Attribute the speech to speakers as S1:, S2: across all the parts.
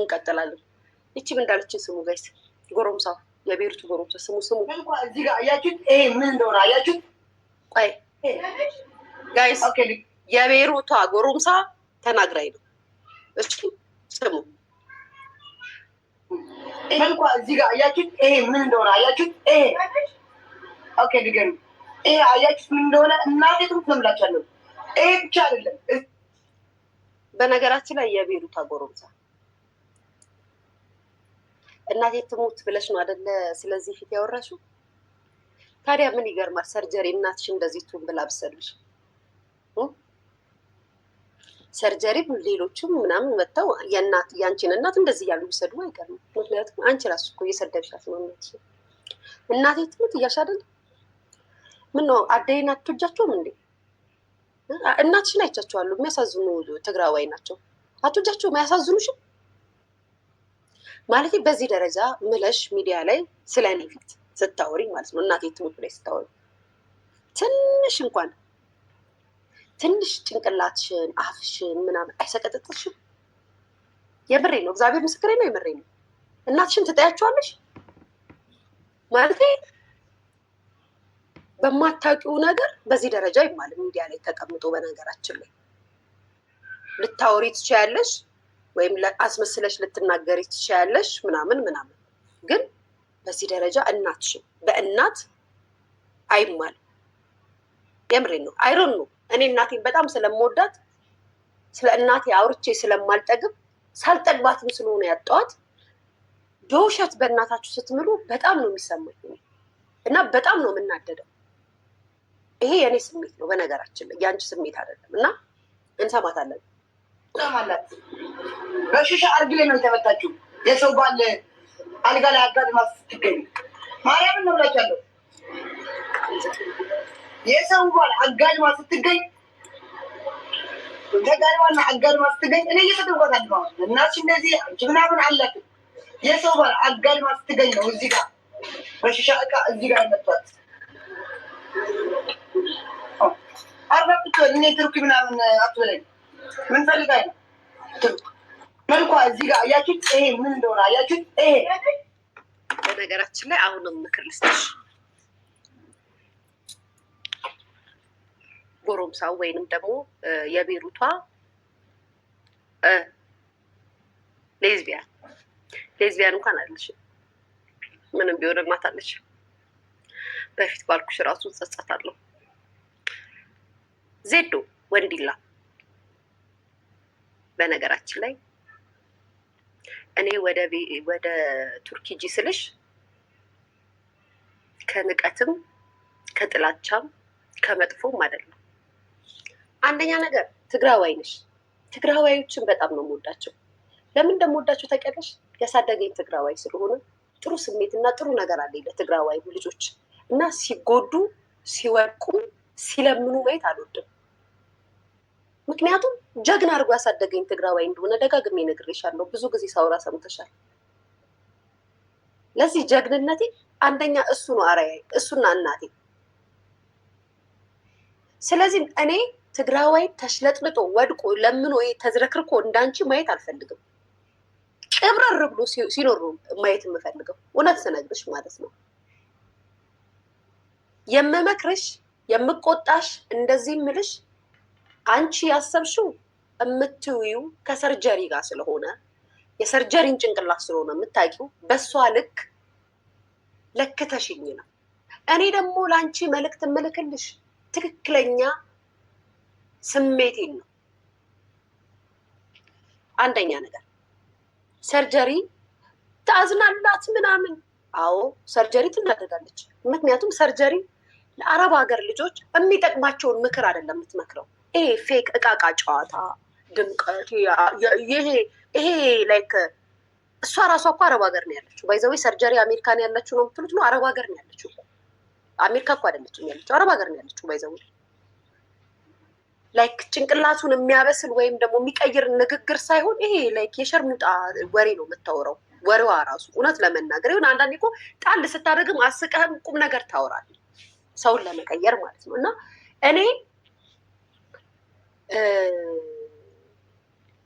S1: እንቀጥላለን። ይቺ እንዳለችን ስሙ ጋይስ። ጎረምሳ የቤሩት ጎረምሳ ስሙ ስሙ። ቆይ ጋይስ የቤሩቷ ጎረምሳ ተናግራኝ ነው። እሱ ስሙ
S2: እዚህ ጋር አያችሁት? ይሄ ምን እንደሆነ አያችሁት? ይሄ ኦኬ፣ ድገም። ይሄ አያችሁት ምን እንደሆነ ይሄ ብቻ አይደለም።
S1: በነገራችን ላይ የቤሩት ጎረምሳ እናቴ ትሙት ብለሽ ነው አደለ? ስለዚህ ፊት ያወራሹ። ታዲያ ምን ይገርማል? ሰርጀሪ እናትሽ እንደዚህ ቱን ብላ ብሰልሽ ሰርጀሪ ሌሎችም ምናምን መጥተው የአንቺን እናት እንደዚህ እያሉ ይሰዱ አይቀርም። ምክንያቱም አንቺ ራሱ እኮ እየሰደብሻት ነው እናት እናቴ ትሙት እያልሽ አደለ? ምን ነው አደይን አትወጃቸውም እንዴ? እናትሽን አይቻቸዋሉ። የሚያሳዝኑ ትግራዋይ ናቸው። አትወጃቸውም? አያሳዝኑሽም? ማለት በዚህ ደረጃ ምለሽ ሚዲያ ላይ ስለ እኔ ፊት ስታወሪ ማለት ነው እናቴ ትምህርት ላይ ስታወሪ ትንሽ እንኳን ትንሽ ጭንቅላትሽን አፍሽን ምናምን አይሰቀጥጥሽም? የምሬ ነው፣ እግዚአብሔር ምስክሬ ነው፣ የምሬ ነው። እናትሽን ትጠያቸዋለሽ ማለት በማታውቂው ነገር በዚህ ደረጃ ይማል ሚዲያ ላይ ተቀምጦ በነገራችን ላይ ልታወሪ ትችያለሽ ወይም አስመስለሽ ልትናገሪ ትችያለሽ ምናምን ምናምን። ግን በዚህ ደረጃ እናትሽን በእናት አይማል። የምሬን ነው። አይሮን ነው። እኔ እናቴን በጣም ስለምወዳት ስለ እናቴ አውርቼ ስለማልጠግብ ሳልጠግባትም ስለሆነ ያጣዋት በውሸት በእናታችሁ ስትምሉ በጣም ነው የሚሰማኝ እና በጣም ነው የምናደደው። ይሄ የእኔ ስሜት ነው በነገራችን ላይ የአንቺ ስሜት አይደለም። እና እንሰማታለን።
S2: ታማላት በሽሻ አርግ ላይ ነው የተመታችው። የሰው ባል አልጋ ላይ አጋድማ ስትገኝ ማርያምን ነው የሰው ባል አጋድማ ስትገኝ ተጋድማና አጋድማ ስትገኝ እኔ እናች እንደዚህ አንቺ ምናምን አላት። የሰው ባል አጋድማ ስትገኝ ነው እዚህ ጋር በሽሻ እቃ እዚህ ጋር መጥቷት አርባ እኔ ትርኩ ምናምን አትበለኝ ምን ፈልጋል? መልኳ እዚህ ጋር አያችሁት? ይሄ ምን እንደሆነ አያችሁት? ይሄ
S1: በነገራችን ላይ አሁንም ምክር ልስጥሽ፣ ጎረምሳ ወይንም ደግሞ የቤሩቷ ሌዝቢያን ሌዝቢያን እንኳን አለች ምንም ቢሆን ማታለች። በፊት ባልኩሽ ራሱን ጸጸት አለው ዜዶ ወንዲላ በነገራችን ላይ እኔ ወደ ቱርኪ ጂ ስልሽ ከንቀትም ከጥላቻም ከመጥፎም አይደለም። አንደኛ ነገር ትግራዋይ ነሽ። ትግራዋዮችን በጣም ነው የምወዳቸው። ለምን እንደምወዳቸው ተቀደሽ ያሳደገኝ ትግራዋይ ስለሆነ ጥሩ ስሜት እና ጥሩ ነገር አለኝ ለትግራዋይ ልጆች እና ሲጎዱ ሲወድቁ ሲለምኑ ማየት አልወድም። ምክንያቱም ጀግና አድርጎ ያሳደገኝ ትግራዋይ እንደሆነ ደጋግሜ ነግሬሻለሁ። ብዙ ጊዜ ሳውራ ሰምተሻል። ለዚህ ጀግንነቴ አንደኛ እሱ ነው አርአያዬ፣ እሱና እናቴ። ስለዚህ እኔ ትግራዋይ ተሽለጥልጦ ወድቆ ለምኖ ተዝረክርኮ እንዳንቺ ማየት አልፈልግም። ቅብረር ብሎ ሲኖሩ ማየት የምፈልገው እውነት ስነግርሽ ማለት ነው። የምመክርሽ የምቆጣሽ እንደዚህ ምልሽ አንቺ ያሰብሽው የምትውዩ ከሰርጀሪ ጋር ስለሆነ የሰርጀሪን ጭንቅላት ስለሆነ የምታውቂው በእሷ ልክ ለክተሽኝ ነው። እኔ ደግሞ ለአንቺ መልእክት ምልክልሽ ትክክለኛ ስሜቴን ነው። አንደኛ ነገር ሰርጀሪ ታዝናላት ምናምን፣ አዎ ሰርጀሪ ትናደጋለች። ምክንያቱም ሰርጀሪ ለአረብ ሀገር ልጆች የሚጠቅማቸውን ምክር አይደለም የምትመክረው ይሄ ፌክ እቃቃ ጨዋታ ድምቀት ይሄ ይሄ ላይክ እሷ ራሷ እኮ አረብ ሀገር ነው ያለችው። ባይዘዌ ሰርጀሪ አሜሪካን ያላችሁ ነው የምትሉት ነው። አረብ ሀገር ነው ያለችው። አሜሪካ እኮ አይደለችም ያለችው፣ አረብ ሀገር ነው ያለችው። ባይዘዌ ላይክ ጭንቅላቱን የሚያበስል ወይም ደግሞ የሚቀይር ንግግር ሳይሆን ይሄ ላይክ የሸርሙጣ ወሬ ነው የምታወራው። ወሬዋ ራሱ እውነት ለመናገር ይሁን አንዳንዴ እኮ ጣል ስታደርግም አስቀህም ቁም ነገር ታወራለች፣ ሰውን ለመቀየር ማለት ነው እና እኔ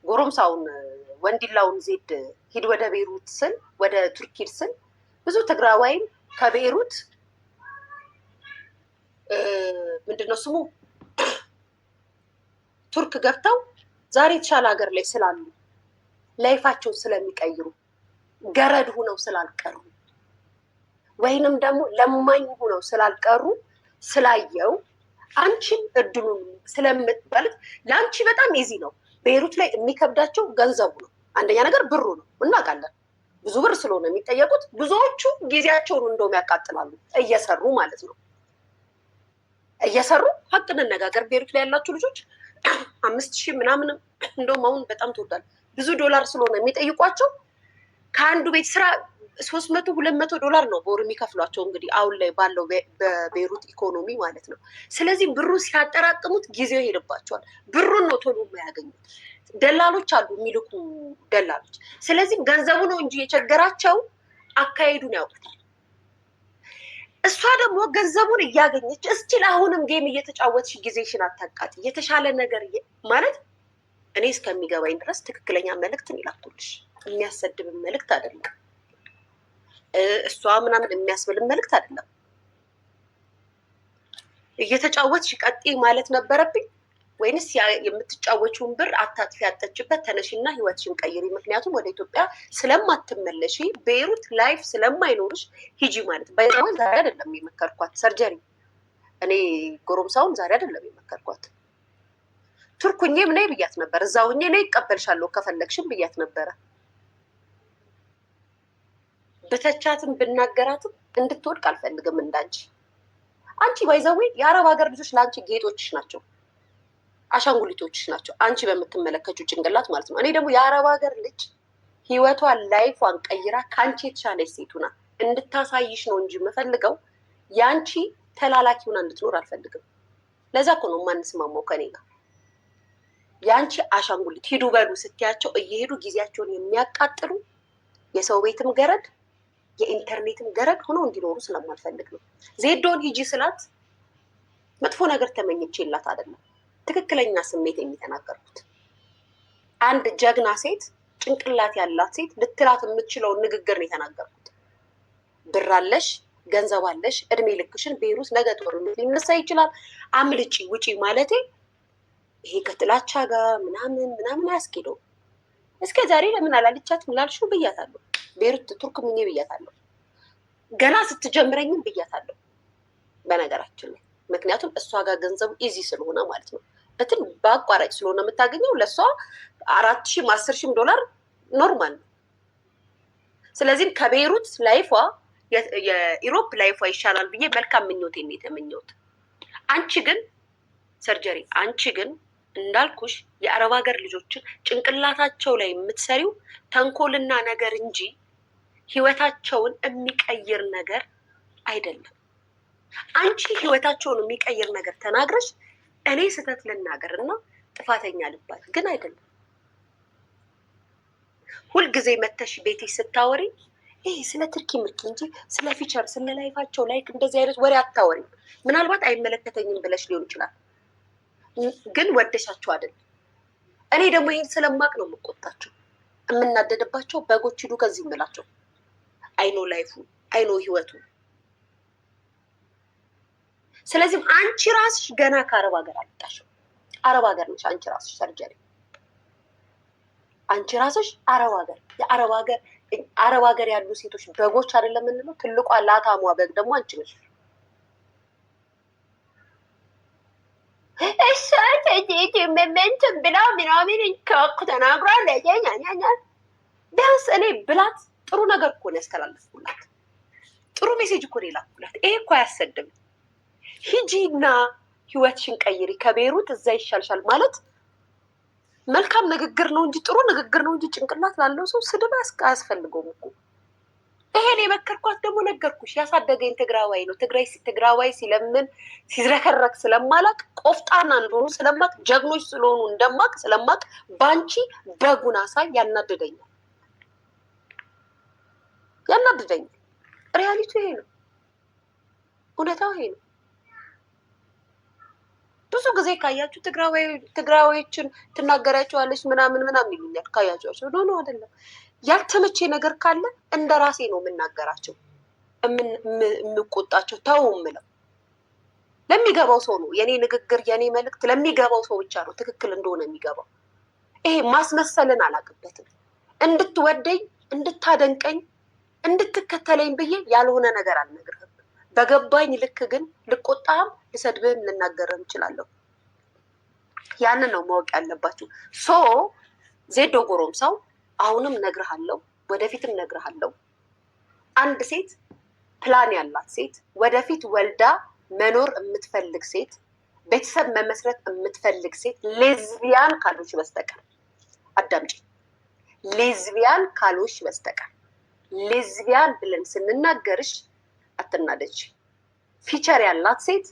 S1: ጎረምሳውን ወንዲላውን ዜድ ሂድ ወደ ቤሩት ስል ወደ ቱርክ ሂድ ስል ብዙ ትግራዋይም ከቤሩት ምንድነው ስሙ ቱርክ ገብተው ዛሬ የተሻለ ሀገር ላይ ስላሉ ላይፋቸውን ስለሚቀይሩ ገረድ ሁነው ስላልቀሩ ወይንም ደግሞ ለማኝ ሁነው ስላልቀሩ ስላየው አንቺም እድሉን ስለምትባለት ለአንቺ በጣም ኢዚ ነው። ቤሩት ላይ የሚከብዳቸው ገንዘቡ ነው። አንደኛ ነገር ብሩ ነው፣ እናውቃለን። ብዙ ብር ስለሆነ የሚጠየቁት ብዙዎቹ ጊዜያቸውን እንደውም ያቃጥላሉ እየሰሩ ማለት ነው። እየሰሩ ሀቅ እንነጋገር፣ ቤሩት ላይ ያላችሁ ልጆች አምስት ሺህ ምናምን እንደውም አሁን በጣም ትወዳል። ብዙ ዶላር ስለሆነ የሚጠይቋቸው ከአንዱ ቤት ስራ ሶስት መቶ ሁለት መቶ ዶላር ነው በወር የሚከፍሏቸው እንግዲህ አሁን ላይ ባለው በቤሩት ኢኮኖሚ ማለት ነው። ስለዚህ ብሩ ሲያጠራቅሙት ጊዜው ይሄድባቸዋል። ብሩን ነው ቶሎ የማያገኙት። ደላሎች አሉ የሚልኩ ደላሎች። ስለዚህ ገንዘቡ ነው እንጂ የቸገራቸው አካሄዱን ያውቁታል። እሷ ደግሞ ገንዘቡን እያገኘች እስችል አሁንም ጌም እየተጫወትሽ ጊዜሽን አታቃጥ የተሻለ ነገር ማለት እኔ እስከሚገባኝ ድረስ ትክክለኛ መልእክትን ይላኩልሽ። የሚያሰድብን መልእክት አይደለም። እሷ ምናምን የሚያስብልን መልእክት አይደለም። እየተጫወትሽ ቀጤ ማለት ነበረብኝ ወይንስ የምትጫወቹን ብር አታጥፊ፣ ያጠችበት ተነሽና ህይወትሽን ቀይሪ። ምክንያቱም ወደ ኢትዮጵያ ስለማትመለሺ ቤይሩት ላይፍ ስለማይኖርሽ ሂጂ ማለት በዛው ዛሬ አይደለም የመከርኳት ሰርጀሪ እኔ ጎረምሳውን ዛሬ አይደለም የመከርኳት። ቱርኩኜም ነይ ብያት ነበር። እዛው ሁኜ ነይ ይቀበልሻለሁ ከፈለግሽም ብያት ነበረ። ብተቻትም ብናገራትም እንድትወድቅ አልፈልግም። እንዳንቺ አንቺ ባይዘዊ የአረብ ሀገር ልጆች ለአንቺ ጌጦችሽ ናቸው፣ አሻንጉሊቶችሽ ናቸው። አንቺ በምትመለከቱ ጭንቅላት ማለት ነው። እኔ ደግሞ የአረብ ሀገር ልጅ ህይወቷን ላይፏን ቀይራ ከአንቺ የተሻለች ሴቱና እንድታሳይሽ ነው እንጂ የምፈልገው የአንቺ ተላላኪ ሆና እንድትኖር አልፈልግም። ለዛ እኮ ነው የማንስማማው ከኔ ጋር የአንቺ አሻንጉሊት ሂዱ በሉ ስትያቸው እየሄዱ ጊዜያቸውን የሚያቃጥሉ የሰው ቤትም ገረድ የኢንተርኔትም ገረድ ሆኖ እንዲኖሩ ስለማልፈልግ ነው። ዜዶን ሂጂ ስላት መጥፎ ነገር ተመኝቼ የላት አይደለም፣ ትክክለኛ ስሜት የሚተናገርኩት አንድ ጀግና ሴት ጭንቅላት ያላት ሴት ልትላት የምችለው ንግግር ነው የተናገርኩት። ብራለሽ፣ ገንዘባለሽ እድሜ ልክሽን ቤሩስ ነገ ጦርነት ሊነሳ ይችላል፣ አምልጪ ውጪ ማለቴ ይሄ ከጥላቻ ጋር ምናምን ምናምን አያስኬደውም። እስከ ዛሬ ለምን አላልቻትም ላልሽው ብያታለሁ። ቤሩት ቱርክ ምኔ ብያታለሁ። ገና ስትጀምረኝም ብያታለሁ በነገራችን ላይ ምክንያቱም እሷ ጋር ገንዘቡ ኢዚ ስለሆነ ማለት ነው። በትን በአቋራጭ ስለሆነ የምታገኘው ለእሷ አራት ሺም አስር ሺም ዶላር ኖርማል ነው። ስለዚህም ከቤሩት ላይፏ የኢሮፕ ላይፏ ይሻላል ብዬ መልካም ምኞት የተመኘሁት። አንቺ ግን ሰርጀሪ፣ አንቺ ግን እንዳልኩሽ የአረብ ሀገር ልጆችን ጭንቅላታቸው ላይ የምትሰሪው ተንኮልና ነገር እንጂ ህይወታቸውን የሚቀይር ነገር አይደለም። አንቺ ህይወታቸውን የሚቀይር ነገር ተናግረሽ እኔ ስህተት ልናገር እና ጥፋተኛ ልባል ግን አይደለም። ሁልጊዜ መተሽ ቤቴ ስታወሪ ይህ ስለ ትርኪ ምርኪ እንጂ ስለ ፊቸር ስለ ላይፋቸው ላይክ እንደዚህ አይነት ወሬ አታወሪም። ምናልባት አይመለከተኝም ብለሽ ሊሆን ይችላል፣ ግን ወደሻቸው አይደለም። እኔ ደግሞ ይህን ስለማቅ ነው የምቆጣቸው፣ የምናደድባቸው በጎች ሂዱ ከዚህ የምላቸው አይኖ ላይፉ አይኖ ህይወቱ። ስለዚህም አንቺ ራስሽ ገና ከአረብ ሀገር አልወጣሽም። አረብ ሀገር ነሽ አንቺ ራስሽ ሰርጀሪ፣ አንቺ ራስሽ አረብ ሀገር የአረብ ሀገር አረብ ሀገር ያሉ ሴቶች በጎች አይደለም የምንለው። ትልቋ ላታሟ በግ ደግሞ አንቺ ነሽ።
S2: እሷ ምንትን ብላው ምናምን ተናግሯል።
S1: ቢያንስ እኔ ብላት ጥሩ ነገር እኮ ነው ያስተላለፍኩላት። ጥሩ ሜሴጅ እኮ ነው የላኩላት። ይሄ እኮ አያሰድም። ሂጂና ህይወትሽን ቀይሪ፣ ከቤሩት እዛ ይሻልሻል ማለት መልካም ንግግር ነው እንጂ ጥሩ ንግግር ነው እንጂ ጭንቅላት ላለው ሰው ስድብ አያስፈልገውም እኮ። ይሄን የመከርኳት ደግሞ ነገርኩሽ፣ ያሳደገኝ ትግራዋይ ነው። ትግራዋይ ሲለምን ሲዝረከረክ ስለማላቅ ቆፍጣና እንደሆኑ ስለማቅ ጀግኖች ስለሆኑ እንደማቅ ስለማቅ ባንቺ በጉን አሳይ ያናደደኛል። ያናድደኛል። ሪያሊቱ ይሄ ነው፣ እውነታው ይሄ ነው። ብዙ ጊዜ ካያችሁ ትግራዊዎችን ትናገራቸዋለች ምናምን ምናምን ይሉኛል። ካያቸዋቸው ኖ አይደለም ያልተመቼ ነገር ካለ እንደ ራሴ ነው የምናገራቸው፣ የምቆጣቸው፣ ተው ምለው ለሚገባው ሰው ነው። የኔ ንግግር የኔ መልእክት ለሚገባው ሰው ብቻ ነው ትክክል እንደሆነ የሚገባው። ይሄ ማስመሰልን አላውቅበትም። እንድትወደኝ እንድታደንቀኝ እንድትከተለኝ ብዬ ያልሆነ ነገር አልነግርህም። በገባኝ ልክ ግን ልቆጣም ልሰድብህም፣ ልናገርህም እችላለሁ። ያንን ነው ማወቅ ያለባችሁ። ሶ ዜዶ ጎሮም ሰው አሁንም ነግርሃለው፣ ወደፊትም ነግርሃለው። አንድ ሴት ፕላን ያላት ሴት ወደፊት ወልዳ መኖር የምትፈልግ ሴት ቤተሰብ መመስረት የምትፈልግ ሴት ሌዝቢያን ካልሆንሽ በስተቀር አዳምጪ፣ ሌዝቢያን ካልሆንሽ በስተቀር ሌዝቢያን ብለን ስንናገርሽ አትናደች። ፊቸር ያላት ሴት፣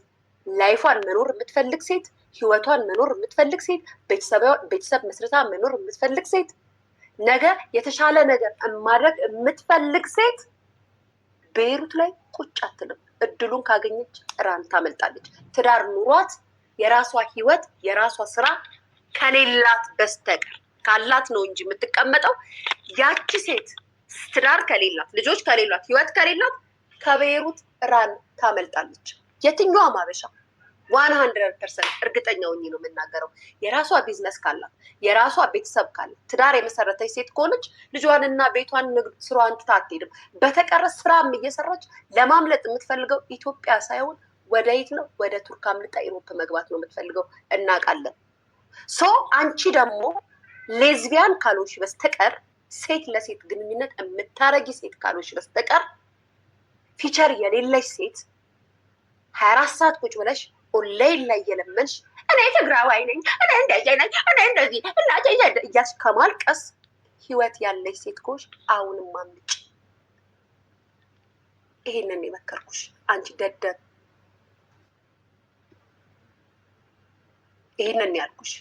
S1: ላይፏን መኖር የምትፈልግ ሴት፣ ህይወቷን መኖር የምትፈልግ ሴት፣ ቤተሰብ መስረታ መኖር የምትፈልግ ሴት፣ ነገ የተሻለ ነገር ማድረግ የምትፈልግ ሴት ቤይሩት ላይ ቁጭ አትልም። እድሉን ካገኘች ራን ታመልጣለች። ትዳር ኑሯት የራሷ ህይወት የራሷ ስራ ከሌላት በስተቀር ካላት ነው እንጂ የምትቀመጠው ያቺ ሴት ትዳር ከሌላት፣ ልጆች ከሌላት፣ ህይወት ከሌላት ከቤይሩት ራን ታመልጣለች። የትኛዋ ማበሻ ዋን ሀንድረድ ፐርሰንት እርግጠኛ ሆኜ ነው የምናገረው። የራሷ ቢዝነስ ካላት፣ የራሷ ቤተሰብ ካላት፣ ትዳር የመሰረተች ሴት ከሆነች ልጇንና ቤቷን ንግድ ስሯን ትታ አትሄድም። በተቀረ ስራም እየሰራች ለማምለጥ የምትፈልገው ኢትዮጵያ ሳይሆን ወደ የት ነው? ወደ ቱርክ አምልጣ ኢሮፕ መግባት ነው የምትፈልገው። እናውቃለን። ሶ አንቺ ደግሞ ሌዝቢያን ካልሆንሽ በስተቀር ሴት ለሴት ግንኙነት የምታረጊ ሴት ካልሆንሽ በስተቀር ፊቸር የሌለሽ ሴት ሀያ አራት ሰዓት ቁጭ ብለሽ ኦንላይን ላይ የለመንሽ እኔ ትግራዋይ ነኝ እኔ እንደዚህ ነኝ እኔ እንደዚህ እናቴ እያልሽ ከማልቀስ ህይወት ያለሽ ሴት ከሆንሽ አሁንም አምጪ። ይሄንን የመከርኩሽ አንቺ ደደብ፣ ይሄንን ያልኩሽ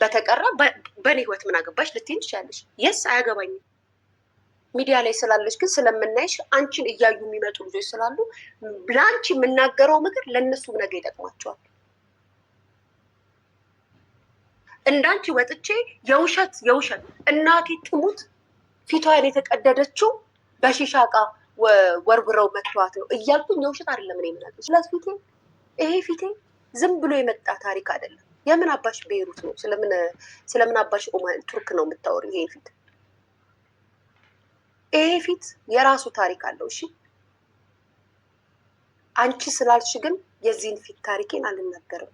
S1: በተቀራ በእኔ ህይወት ምን አገባሽ ልትይኝ ትችላለሽ። የስ አያገባኝም። ሚዲያ ላይ ስላለች ግን ስለምናይሽ አንቺን እያዩ የሚመጡ ልጆች ስላሉ ለአንቺ የምናገረው ምክር ለእነሱ ነገ ይጠቅማቸዋል። እንዳንቺ ወጥቼ የውሸት የውሸት እናቴ ትሙት ፊቷን የተቀደደችው በሺሻ እቃ ወርውረው መጥተዋት ነው እያልኩኝ የውሸት አይደለም እኔ የምናገር ፊቴ ይሄ ፊቴ ዝም ብሎ የመጣ ታሪክ አይደለም። የምን አባሽ ቤይሩት ነው? ስለምን አባሽ ኦማን ቱርክ ነው የምታወሪው? ይሄ ፊት ይሄ ፊት የራሱ ታሪክ አለው። እሺ አንቺ ስላልሽ ግን የዚህን ፊት ታሪኬን አልናገርም።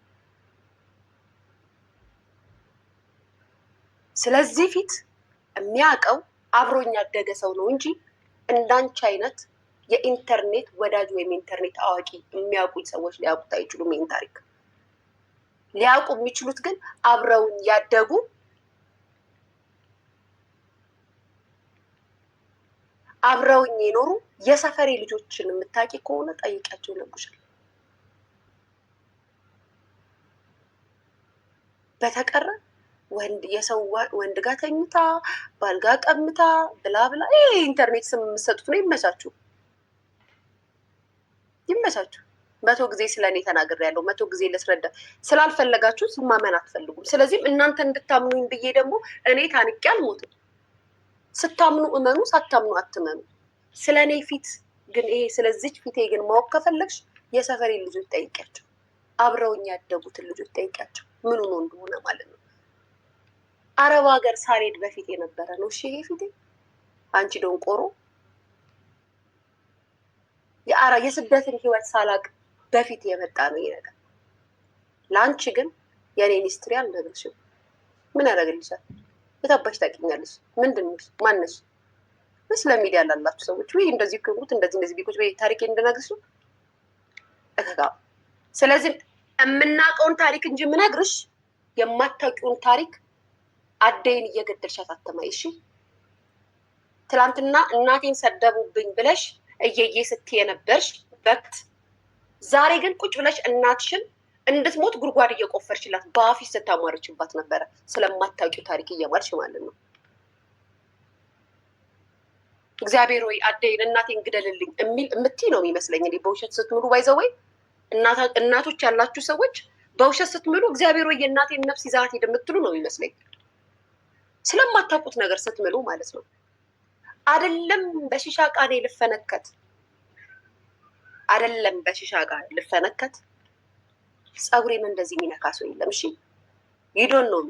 S1: ስለዚህ ፊት የሚያውቀው አብሮኝ ያደገ ሰው ነው እንጂ እንዳንቺ አይነት የኢንተርኔት ወዳጅ ወይም ኢንተርኔት አዋቂ የሚያውቁኝ ሰዎች ሊያውቁት አይችሉም ይህን ታሪክ። ሊያውቁ የሚችሉት ግን አብረውን ያደጉ አብረውኝ የኖሩ የሰፈሬ ልጆችን የምታውቂ ከሆነ ጠይቂያቸው ይነግሩሻል። በተቀረ ወንድ የሰው ወንድ ጋር ተኝታ ባልጋ ቀምታ ብላ ብላ ይሄ ኢንተርኔት ስም የምትሰጡት ነው። ይመቻችሁ፣ ይመቻችሁ። መቶ ጊዜ ስለ እኔ ተናግሬ ያለው መቶ ጊዜ ለስረዳ ስላልፈለጋችሁ ማመን አትፈልጉም። ስለዚህም እናንተ እንድታምኑኝ ብዬ ደግሞ እኔ ታንቄ አልሞትም። ስታምኑ እመኑ፣ ሳታምኑ አትመኑ። ስለ እኔ ፊት ግን ይሄ ስለዚች ፊቴ ግን ማወቅ ከፈለግሽ የሰፈሬ ልጆች ጠይቂያቸው፣ አብረውኝ ያደጉትን ልጆች ጠይቂያቸው። ምኑ ነው እንደሆነ ማለት ነው። አረብ ሀገር ሳሬድ በፊት የነበረ ነው። እሺ ይሄ ፊቴ አንቺ ደንቆሮ የስደትን ህይወት ሳላቅ በፊት የመጣ ነው ይሄ ነገር። ለአንቺ ግን የኔን ሂስትሪ አልነግርሽም። ምን ያደርግልሻል? የታባሽ ታውቂኛለሽ? ምንድን ነሽ? ማን ስለ ሚዲያ ላላችሁ ሰዎች ወይ እንደዚህ ክቡት እንደዚህ እንደዚህ ቢኮች ወይ ታሪክ እንድነግርሽ እከጋ። ስለዚህ የምናውቀውን ታሪክ እንጂ የምነግርሽ የማታውቂውን ታሪክ አደይን እየገደልሻት አተማይ። እሺ ትላንትና እናቴን ሰደቡብኝ ብለሽ እየዬ ስትይ የነበርሽ በክት ዛሬ ግን ቁጭ ብለሽ እናትሽን እንድትሞት ጉድጓድ እየቆፈርችላት በአፊስ ስታሟርችባት ነበረ። ስለማታውቂው ታሪክ እየማልሽ ማለት ነው። እግዚአብሔር ወይ አደይን እናቴ እንግደልልኝ የሚል እምትይ ነው የሚመስለኝ። እኔ በውሸት ስትምሉ ባይዘወይ እናቶች ያላችሁ ሰዎች በውሸት ስትምሉ እግዚአብሔር ወይ የእናቴን ነፍስ ይዛት ሂድ የምትሉ ነው የሚመስለኝ። ስለማታውቁት ነገር ስትምሉ ማለት ነው። አይደለም በሺሻ ቃኔ ልፈነከት አይደለም በሽሻ ጋር ልፈነከት ጸጉሬም እንደዚህ የሚነካ ሰው የለም። እሺ ይዶን ነው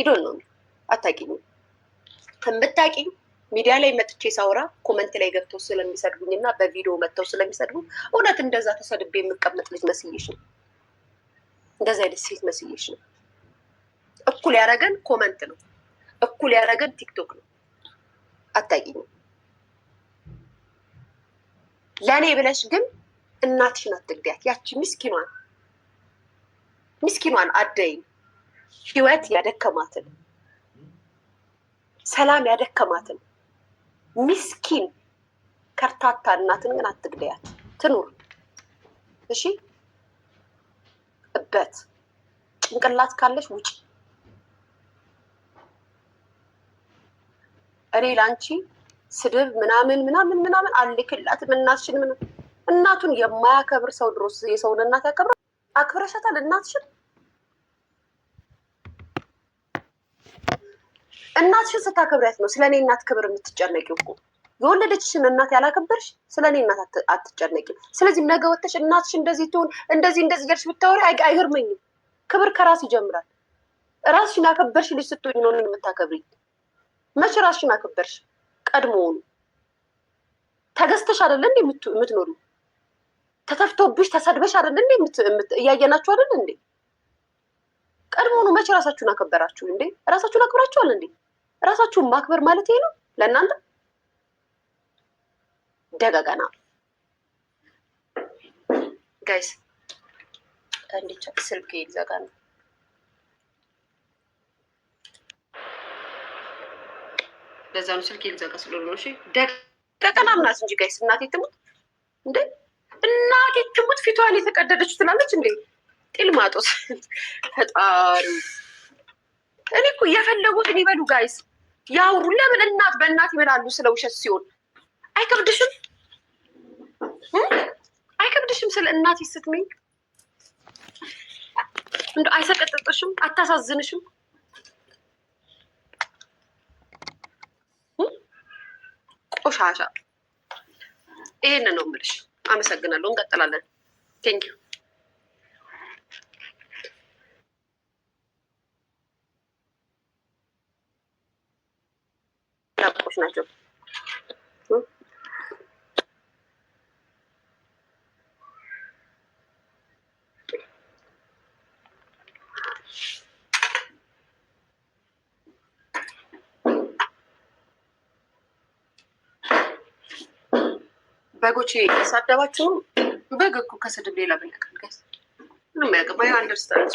S1: ይዶን ነው አታውቂኝም። ከምታውቂኝ ሚዲያ ላይ መጥቼ ሳውራ ኮመንት ላይ ገብተው ስለሚሰድቡኝ እና በቪዲዮ መጥተው ስለሚሰድቡ እውነት እንደዛ ተሰድቤ የምቀመጥ ልጅ መስዬሽ ነው። እንደዚ አይነት ሴት መስዬሽ ነው። እኩል ያደረገን ኮመንት ነው። እኩል ያደረገን ቲክቶክ ነው። አታውቂኝም። ለእኔ ብለሽ ግን እናትሽን አትግቢያት። ያቺ ምስኪኗን ምስኪኗን አደይን ህይወት ያደከማትን ሰላም ያደከማትን ምስኪን ከርታታ እናትን ግን አትግደያት። ትኑር እሺ። እበት ጭንቅላት ካለሽ ውጭ እኔ ላንቺ ስድብ ምናምን ምናምን ምናምን አልክላትም። እናትሽን ምን እናቱን የማያከብር ሰው ድሮስ የሰውን እናት ያከብራል? አክብረሻታል እናትሽን? እናትሽን ስታከብሪያት ነው ስለ እኔ እናት ክብር የምትጨነቂ እኮ። የወለደችሽን እናት ያላከበርሽ ስለ እኔ እናት አትጨነቂም። ስለዚህ ነገ ወተሽ እናትሽ እንደዚህ ትሁን እንደዚህ እንደዚህ ገርሽ ብታወሪ አይገርመኝም። ክብር ከራስ ይጀምራል። ራስሽን ያከበርሽ ልጅ ስትሆኝ ነው እኔን መቼ ራስሽን አከበርሽ? ቀድሞውኑ ተገዝተሽ አይደለ እንዴ የምትኖሩ? ተተፍቶብሽ ተሰድበሽ አይደለ እንዴ እያየናችሁ አይደለ እንዴ? ቀድሞውኑ መቼ ራሳችሁን አከበራችሁ እንዴ? ራሳችሁን አክብራችኋል እንዴ? ራሳችሁን ማክበር ማለት ይሄ ነው ለእናንተ ደጋገና ጋይስ እንዴ ስልክ ይዘጋ ነው። ለዛ ነው ስልክ ልዘጋ ስለሆነ ነው። ደቀና ምናስ እንጂ ጋይስ እናቴ ትሙት እንዴ? እናቴ ትሙት ፊቷን የተቀደደች ትላለች እንዴ ጢልማጦስ ፈጣሪ። እኔ እኮ የፈለጉትን ይበሉ ጋይስ ያውሩ። ለምን እናት በእናት ይበላሉ? ስለ ውሸት ሲሆን አይከብድሽም? አይከብድሽም? ስለ እናት ስትመኝ እንደ አይሰቀጥጥሽም? አታሳዝንሽም? ቆሻሻ። ይሄን ነው የምልሽ። አመሰግናለሁ። እንቀጥላለን። ቴንኪው ናቸው በጎቼ ሳደባቸውም በግ እኮ ከስድብ ሌላ ምን ያውቃል? ጋይስ ምንም ያውቅም። አይ አንደርስታንድ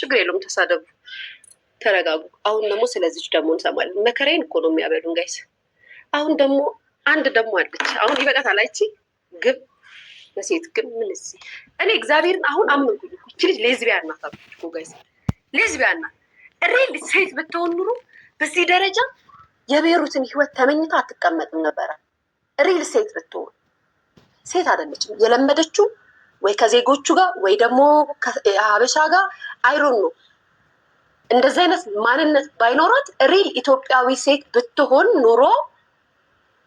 S1: ችግር የለውም። ተሳደቡ፣ ተረጋጉ። አሁን ደግሞ ስለዚች ደግሞ እንሰማለን። መከራዬን እኮ ነው የሚያበሉን ጋይስ። አሁን ደግሞ አንድ ደግሞ አለች። አሁን ይበቃታል። አይቺ ግብ በሴት ግን ምን እዚህ እኔ እግዚአብሔርን አሁን አመንኩኝ። እቺ ልጅ ሌዝቢያን ናት አልኩኝ ጋይስ፣ ሌዝቢያን ናት። ሬል ሴት ብትሆን ኑሮ በዚህ ደረጃ የቤሩትን ህይወት ተመኝታ አትቀመጥም ነበራል። ሪል ሴት ብትሆን ሴት አይደለችም። የለመደችው ወይ ከዜጎቹ ጋር ወይ ደግሞ ሀበሻ ጋር አይሮን ነው። እንደዚህ አይነት ማንነት ባይኖራት ሪል ኢትዮጵያዊ ሴት ብትሆን ኑሮ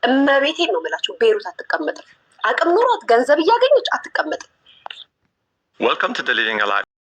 S1: እመቤቴን ነው የምላቸው ቤሩት አትቀመጥም። አቅም ኑሯት ገንዘብ እያገኘች አትቀመጥም። ወልከም ቱ ሊቪንግ